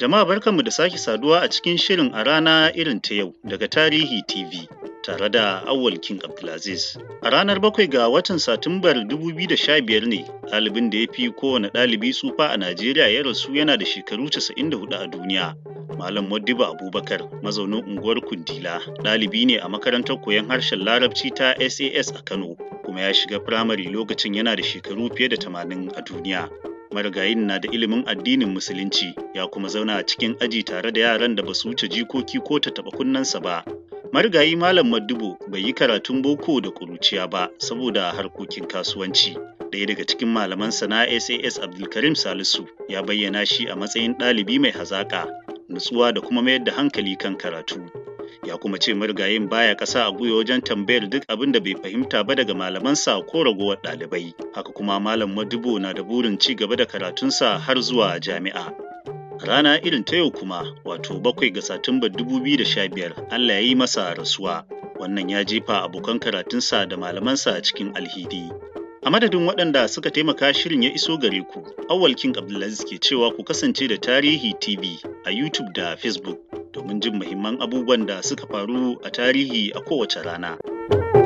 Jama'a barkanmu da sake saduwa a cikin shirin a rana irin ta yau daga Tarihi TV tare da Awwal King Abdulaziz. A ranar bakwai ga watan Satumbar 2015 ne ɗalibin da ya fi kowane ɗalibi tsufa a Najeriya ya rasu yana da shekaru 94 a duniya. Malam Modibo Abubakar mazaunin unguwar Kundila ɗalibi ne a makarantar koyon harshen Larabci ta SAS a Kano kuma ya shiga firamare lokacin yana da shekaru fiye da 80 a duniya. marigayin na da ilimin addinin musulunci ya kuma zauna a cikin aji tare da yaran da ba su wuce jikoki ko ta taɓa kunnensa ba marigayi malam Madubo bai yi karatun boko da kuruciya ba saboda harkokin kasuwanci ɗaya daga cikin malaman sana sas abdulkarim salisu ya bayyana shi a matsayin ɗalibi mai hazaƙa nutsuwa da kuma mayar da hankali kan karatu ya kuma ce marigayin baya kasa a gwiwa wajen tambayar duk abin da bai fahimta ba daga malamansa ko ragowar ɗalibai haka kuma malam madubo na da burin ci gaba da karatunsa har zuwa jami'a rana irin ta yau kuma wato bakwai ga satumba 2015 allah ya yi masa rasuwa wannan ya jefa abokan karatunsa da malamansa a cikin alhidi A madadin waɗanda suka taimaka shirin ya iso gare ku, awwalkin King Abdulaziz ke cewa ku kasance da Tarihi TV a YouTube da Facebook. domin jin muhimman abubuwan da suka faru a tarihi a kowace rana.